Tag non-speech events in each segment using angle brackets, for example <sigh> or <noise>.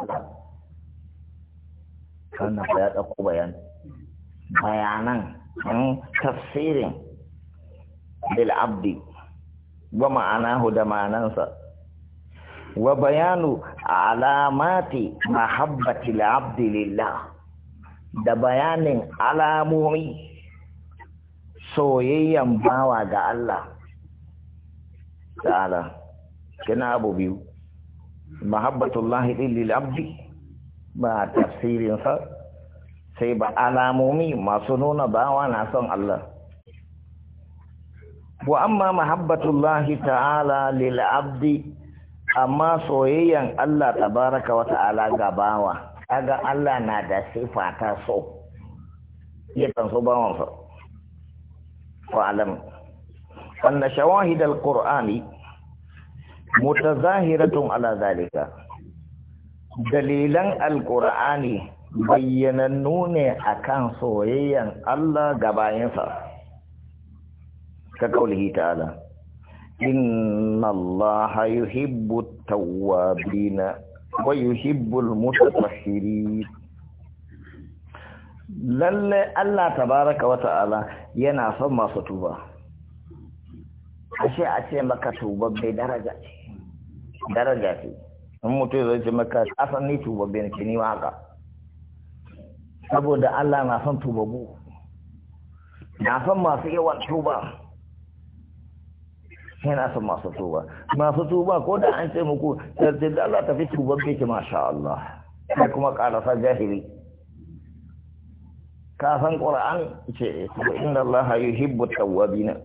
wannan ba ya ɗauko bayan bayanan hmm, tafsirin abdi wa ma'anahu da ma'anansa wa bayanu alamati mahabbati abdi lillah da bayanin alamomi soyayyan bawa ga Allah ta'ala kina abu biyu mahabbatullahi din lil abdi ba tafsirin sa sai ba alamomi masu nuna bawa na son Allah wa amma mahabbatullahi ta'ala lil abdi amma soyayyan Allah tabaraka wa ta'ala ga bawa kaga Allah na da sifa ta so yakan so bawansa wa alam anna shawahidal qur'ani mutazahiratun ala zalika dalilan alqur'ani bayyanannu ne akan soyayyan Allah ga bayansa. ka kaulihi ta'ala inna Allah yuhibbu at-tawwabina wa yuhibbu al-mutatahhirin lalle Allah ta baraka wa ta'ala yana son masu tuba ashe a ce maka tuba bai daraja ce daraja ce in mutum zai ce maka asan ni tubabbe ne ke ni saboda Allah na son tubabu na son masu yawan tuba yana son masu tuba masu tuba ko da an ce muku sai da Allah tafi tubabbe ki masha Allah sai kuma karasa jahili ka san Qur'an ce inna Allah yuhibbu tawwabina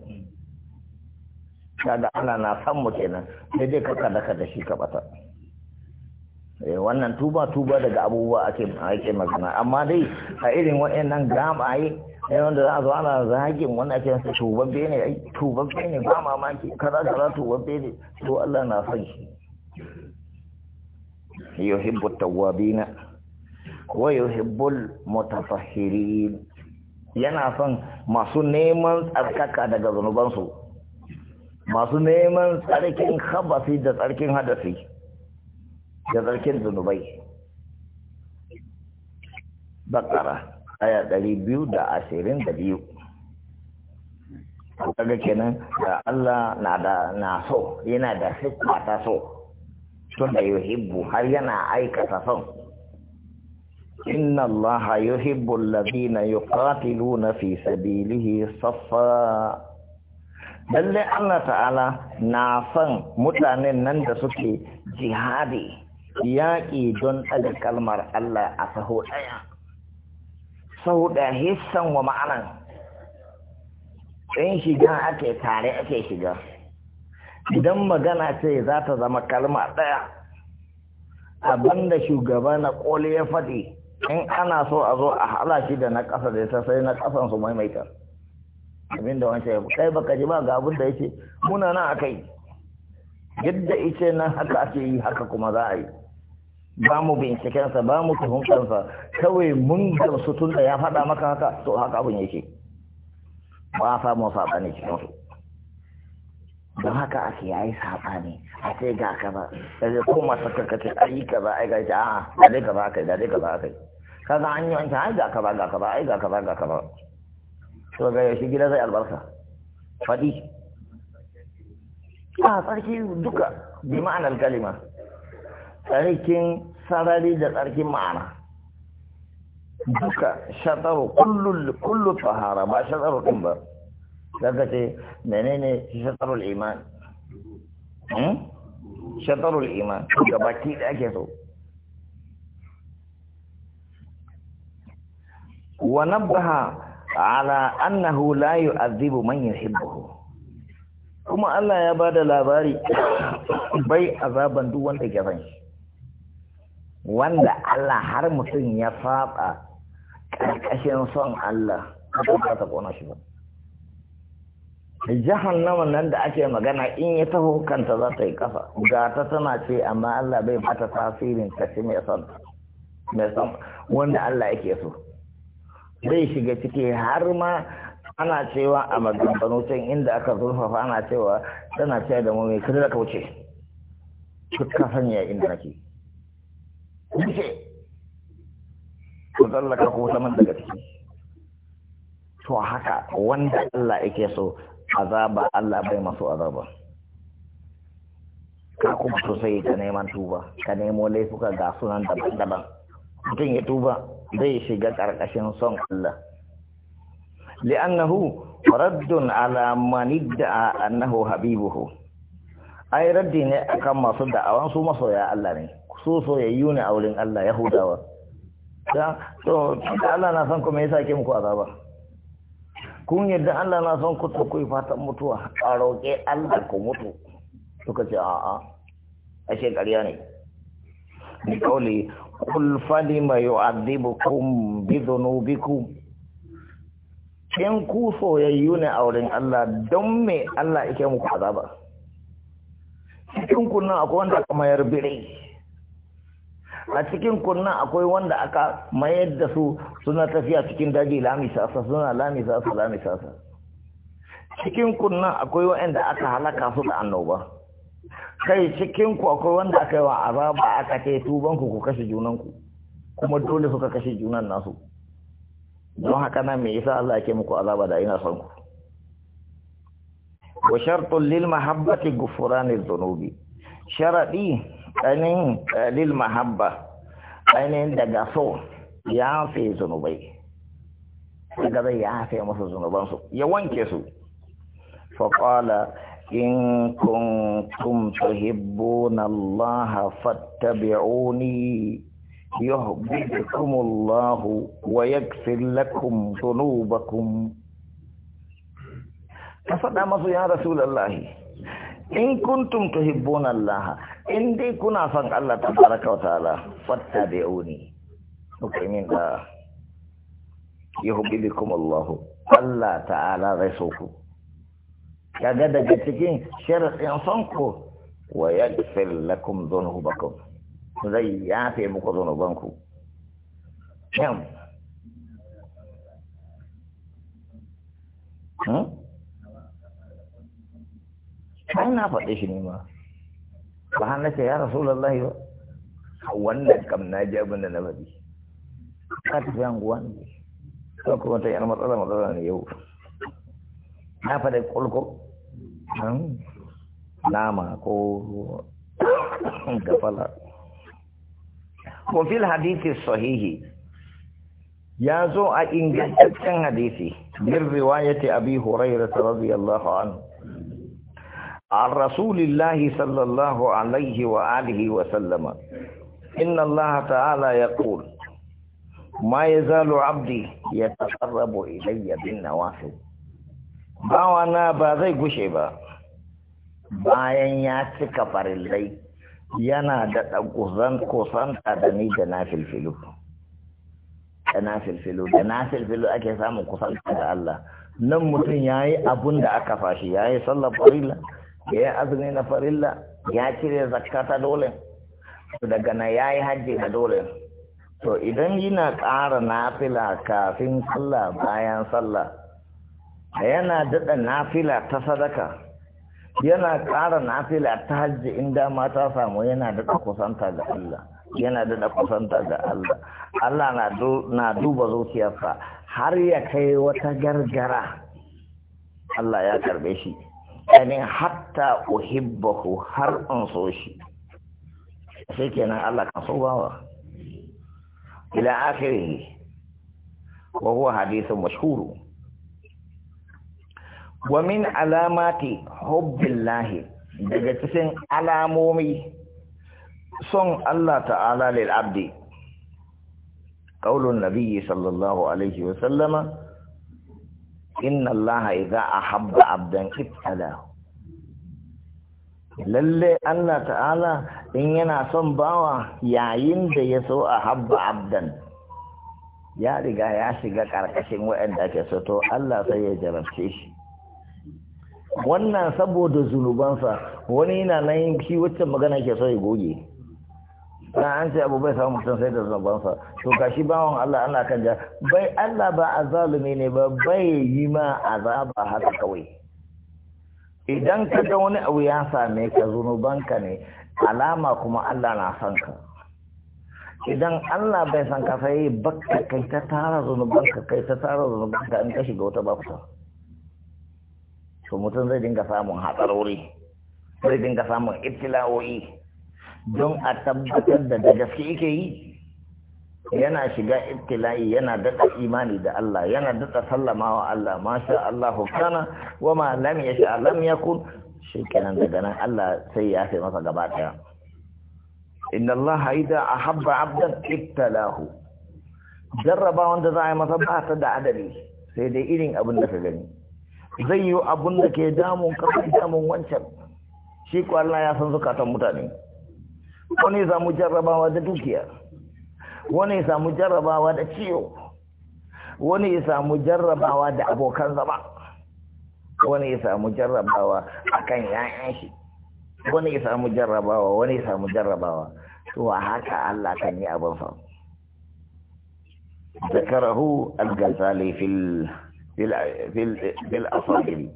kaga Allah na san mu kenan sai dai ka daka da shi ka bata eh, wannan tuba tuba daga abubuwa ake ake magana amma dai a irin waɗannan gamaye ne wanda za a zo ana zagin wani ake masa tubabbe bene ai tubabbe bene ba mamaki kaza kaza tubabbe ne to Allah na san shi yuhibbu tawwabina wa yuhibbul mutatahhirin yana son masu neman tsarkaka daga zunubansu masu neman tsarkin khabasi da tsarkin hadasi da tsarkin zunubai bakara aya dari biyu da ashirin da biyu kaga kenan da Allah na da na so yana da hikma ta so tun da yuhibbu har yana aikata son inna Allah yuhibbu allazina yuqatiluna fi sabilihi saffa lalle Allah ta'ala na son mutanen nan da suke jihadi yaƙi don ɗaga kalmar Allah a saho ɗaya Sau ɗaya hissan wa ma'anan in shiga ake tare ake shiga idan magana ce za ta zama kalma ɗaya abinda shugaba na ƙoli ya faɗi in ana so a zo a hala da na ƙasa da ya sai na ƙasan su maimaita. abin da wancan yabu kai baka ji ba ga abin da yake muna nan aka yi yadda ice nan haka ake yi haka kuma za a yi ba mu sa ba mu sa kawai mun gamsu tun da ya faɗa maka haka to haka abin yake ba a samu saɓani cikin su don haka ake yayi saɓani a ce ga kaza da zai koma saka kace ayi kaza ai ga ta a'a da dai kaza kai da dai kaza kai kaza an yi wancan ai ga kaza ga kaza ai ga kaza ga kaza to ga yaushe gida zai albarka faɗi a tsarki duka bi ma'anar kalima tsarkin sarari da tsarkin ma'ana duka shataru kullu fahara ba shataru ɗin ba daga ce menene shataru liman? Hmm? Shataru liman ga baki da ake so wa nabbaha ala annahu la yu'adhibu man yuhibbuhu kuma Allah ya bada labari <coughs> bai azaban duk wanda ke san wanda Allah har mutum ya faɓa ƙarƙashin son Allah ba ta kona shi ba jahannama nan da ake magana in ya taho kanta za ta yi kafa ga ta tana ce amma Allah bai bata tasirin ta ce mai son mai son wanda Allah yake so zai shiga ciki har ma ana cewa a maganganu can inda aka zurfafa ana cewa tana cewa da mu mai kada da kauce ka sanya inda nake wuce ku tsallaka ko saman daga ciki to haka wanda Allah yake so azaba Allah bai masu azaba ka kuma sosai ka neman tuba ka nemo laifuka ga sunan daban-daban mutum ya tuba zai shiga ƙarƙashin son Allah li'annahu raddun ala man idda'a annahu habibuhu ai raddi ne akan masu da'awan su masoya Allah ne su soyayyu ne a wurin Allah yahudawa dan to Allah na san ku me yasa ke muku azaba kun yadda Allah na san ku ku yi fatan mutuwa a roƙe Allah ku mutu suka ce a'a ashe ƙarya ne bi qawli qul falima yu'adhibukum bi dhunubikum in ya soyayyu ne a wurin Allah don me Allah yake muku azaba cikin kunnan akwai wanda aka mayar bire a cikin kunnan akwai wanda aka mayar da su suna tafiya cikin daji lamisa suna lamisa su lamisa cikin kunnan akwai wa'anda aka halaka su da annoba kai cikin ku akwai wanda aka yi wa azaba aka ce tuban ku ku kashe junan ku kuma dole suka kashe junan nasu don haka nan me yasa Allah yake muku azaba da ina son ku wa shartun lil mahabbati ghufranil dhunubi sharadi anin eh, lil mahabba anin daga so ya fi zunubai daga zai ya fi masa su. ya wanke su faƙala in كنتم تحبون الله فاتبعوني يهبكم الله ويغفر لكم ذنوبكم فصدى مصر يا رسول الله in kuntum tuhibbuna Allah in dai kuna son Allah tabaraka wa ta'ala fattabi'uni mu'minin da yuhibbukum Allah Allah ta'ala zai so kaga daga cikin sharafin fanko wa yaghfir lakum dhunubakum zai yafe muku banku. yam hmm? ai na faɗe shi ne ma ba hana ce ya rasulullahi ba wannan kam na ji abin da na faɗi ka tafi anguwa ne kuma ta yar matsala matsala ne yau na faɗi kulkul nama ko gafala hadithi sahihi ya zo a ingantaccen hadisi min riwayati abi hurairah radiyallahu anhu عن رسول الله صلى الله ya وآله وسلم إن الله تعالى يقول ما يزال عبدي يتقرب إلي بالنوافل bawana ba zai gushe ba bayan ya cika farillai yana da ɗan kusanta da ni da na filfilu da na filfilu da na filfilu ake samun kusanta da Allah nan mutum ya yi abun da aka fashi ya yi sallar farilla ya yi azumi na farilla ya cire zakata dole daga na ya yi hajji na dole to idan yana ƙara fila kafin sallah bayan sallah yana daɗa nafila ta sadaka yana ƙara nafila ta hajji in dama ta samu yana daɗa kusanta ga Allah yana daɗa kusanta ga Allah Allah na duba zuciyarsa har ya kai wata gargara Allah ya karɓe shi ɗanin hatta uhibbahu har in so shi sai kenan Allah kan so bawa ila akhirih wa huwa hadithun mashhurun wa min alamati hubbillahi daga cikin alamomi son Allah ta'ala lil abdi qaulun nabiyyi sallallahu alaihi wa sallama inna Allah idha ahabba abdan ibtalahu lalle Allah ta'ala in yana son bawa yayin da ya so a habba abdan ya riga ya shiga ƙarƙashin waɗanda ake so to Allah sai ya jarabce shi wannan saboda zunubansa wani yana nan shi wacce magana ke so ya goge na an ce abu bai samu mutum sai da zunubansa to shi bawon Allah ana kan ja bai Allah ba a zalumi ne ba bai yi ma azaba haka kawai idan ka ga wani abu ya same ka zunubanka ne alama kuma Allah na san ka idan Allah bai san ka sai bakka kai ta tara zunubanka kai ta tara zunubanka in ka shiga wata bakuta to mutum zai dinga samun hatsarori zai dinga samun ibtila'o'i don a tabbatar da da gaske yake yi yana shiga ibtila'i yana daɗa imani da Allah yana daɗa sallamawa Allah masha Allah kana wa ma lam yasha lam yakun shikenan daga nan Allah sai ya fi masa gaba ɗaya inna Allah idza ahabba 'abdan ibtalahu jarraba wanda za a yi masa ba ta da adali sai dai irin abin da ka gani zai yi abun da ke damun kafin damun wancan shi Allah ya san zukatan mutane wani samu jarrabawa da dukiya wani samu jarrabawa da ciwo wani samu jarrabawa da abokan zama wani samu jarrabawa akan yayan shi wani samu jarrabawa wani samu jarrabawa to haka Allah kan yi abin fa al-ghazali fil fil asabiri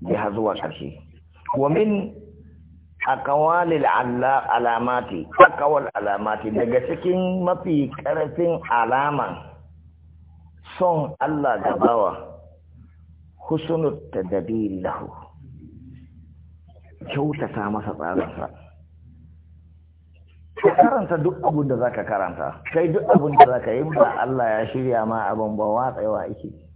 ya zuwa ƙarshe wa min akawalil alamati akawal alamati daga cikin mafi ƙarfin alaman son Allah da bawa husnul tadabiri lahu kyautata masa tsarinsa ka karanta duk abin da zaka karanta kai duk abin da zaka yi ba Allah ya shirya ma abin ba watsewa yake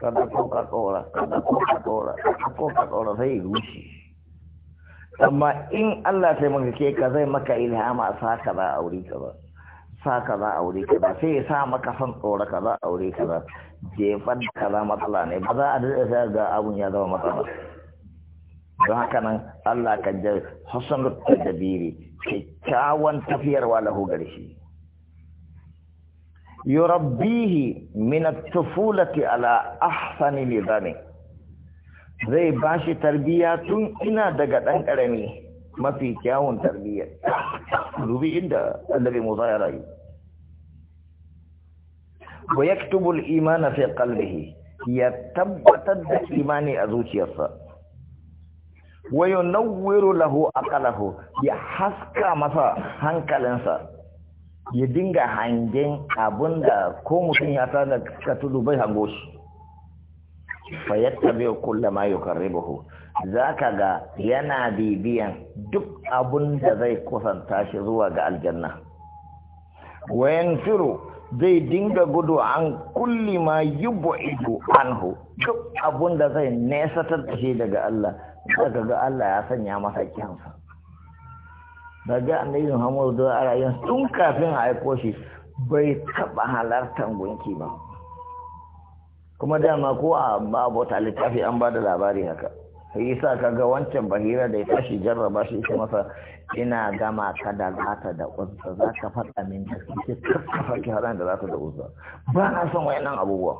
ka Coca-Cola, tsora Coca-Cola, ka Coca-Cola dauko sai ya rushe amma in Allah sai maka ke ka zai maka ilhama sa ka ba aure ka ba sa ka za aure ka ba sai ya sa maka son tsora ka za aure ka ba jefan ka za matsala ne ba za a daɗa sai ga abun ya zama matsala don haka nan Allah kan jar hasan da dabiri kyakkyawan tafiyarwa lahu gare shi yurabbihi min at-tufulati ala ahsani nizami zai bashi tarbiya tun ina daga dan karami mafi kyawun tarbiya rubi inda annabi Musa ya rayu wa yaktubu al iman fi qalbihi ya tabbatar da imani a zuciyarsa wa yunawwiru lahu aqlahu ya haska masa hankalinsa ya dinga hangen abun da ko mutum ya sa da ka tudu bai hango shi fa yattabi kullu ma za zaka ga yana bibiyan duk abun da zai kusanta shi zuwa ga aljanna wayan firu zai dinga gudu an kulli ma an hu duk abun da zai nesa da daga Allah zaka ga Allah ya sanya masa kyansa da ga annabi Muhammadu da a tun kafin a aiko shi bai taɓa halartar gunki ba kuma dama ko a abota littafi an ba da labari haka sai yasa ga wancan bahira da ya tashi jarraba shi ita masa ina gama ka da da uzza za ka faɗa min da kike kakkafa ki haɗa da da uzza ba na son wayannan abubuwa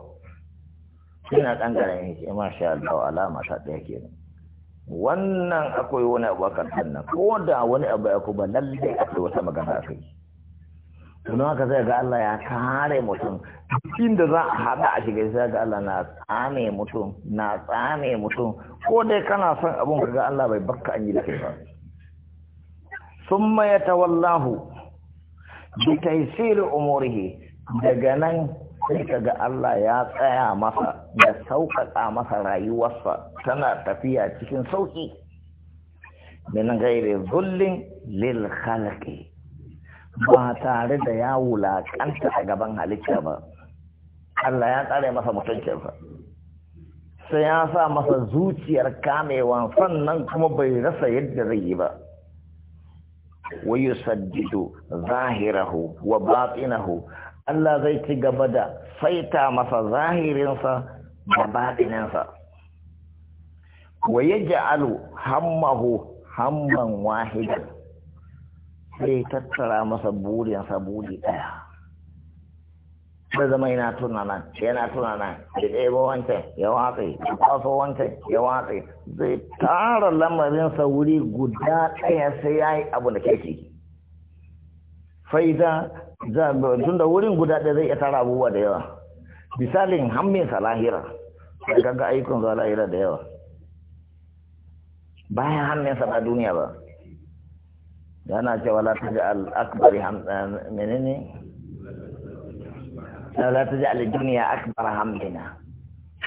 ina ɗan ƙarami ce masha Allah alama ta ɗaya kenan wannan akwai wani abu a kan nan ko da wani abu ya kuma lallai kai wata magana a kai tunan haka zai ga Allah ya kare mutum da za a haɗa a shiga sai ga Allah na tsame mutum na tsame mutum ko dai kana son abun ka ga Allah bai bakka an yi da kai ba ta wallahu, bi taysir umurihi daga nan sai kaga Allah ya tsaya masa da sauƙaƙa masa rayuwarsa tana tafiya cikin sauƙi min gairi zullin lil khalqi ba tare da ya wulaƙanta a gaban halitta ba Allah ya tsare masa mutuncinsa sai ya sa masa zuciyar kamewa sannan kuma bai rasa yadda zai yi ba wayu saddidu zahirahu wa batinahu Allah zai ci gaba da saita masa zahirinsa da babinansa wa ja'alu hammahu hamman wahidan sai tattara masa burinsa buri daya da zama yana tunana yana tunana ya ɗebo wanke ya watse ya kwaso wanke ya watse zai tara lamarinsa wuri guda ɗaya sai ya yi abu da keke. Faiza faida tun da wurin guda ɗaya zai iya tara abubuwa da yawa misalin hammin salahira da ganga ayyukan zuwa lahira da yawa bayan hannunsa ba duniya ba yana cewa la ta ji al'akbar eh, menene la ta ji al'aduniya akbar hamdina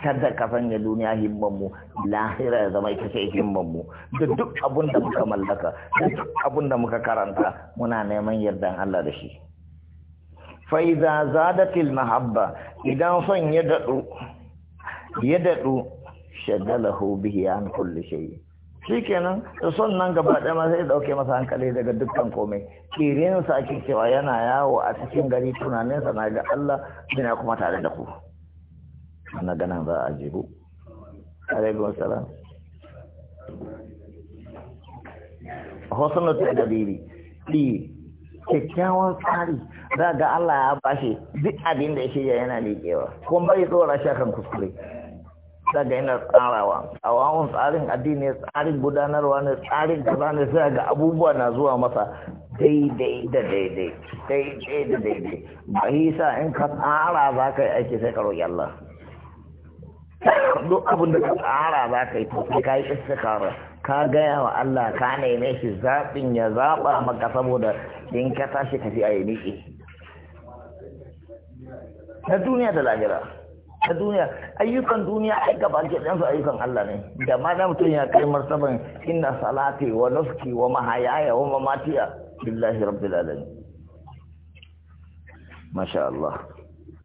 kada ka fanya duniya himmanmu lahira ya zama ita ce himmanmu da duk abun da muka mallaka da duk abun da muka karanta muna neman yardan Allah da shi fa idza zadatil mahabba idan son ya dadu ya daɗu shagalahu bihi an kulli shay kenan, da son nan gaba ɗaya ma sai dauke masa hankali daga dukkan komai kirin sa ake cewa yana yawo a cikin gari tunaninsa na ga Allah yana kuma tare da ku ana ganin za a jibu alaikum salam husnul tadbiri di kyakkyawan tsari za ga Allah ya bashi duk abin da ya shirya yana liƙewa kuma bai tsora shakan kuskure daga yana tsarawa a wawan tsarin addini tsarin gudanarwa ne tsarin kaza ne sai ga abubuwa na zuwa masa daidai da daidai daidai da daidai ba sa in ka tsara za ka yi aiki sai ka roƙi Allah duk abin da ka tsara za ka yi to sai ka yi istikara ka gaya wa Allah ka neme shi zaɓin ya zaɓa maka saboda in ka tashi ka fi a na duniya da lahira a duniya ayyukan duniya ai gaba ke dan su ayyukan Allah ne da ma da mutum ya kai martaban inna salati wa nuski wa mahayaya wa mamatiya billahi rabbil alamin masha Allah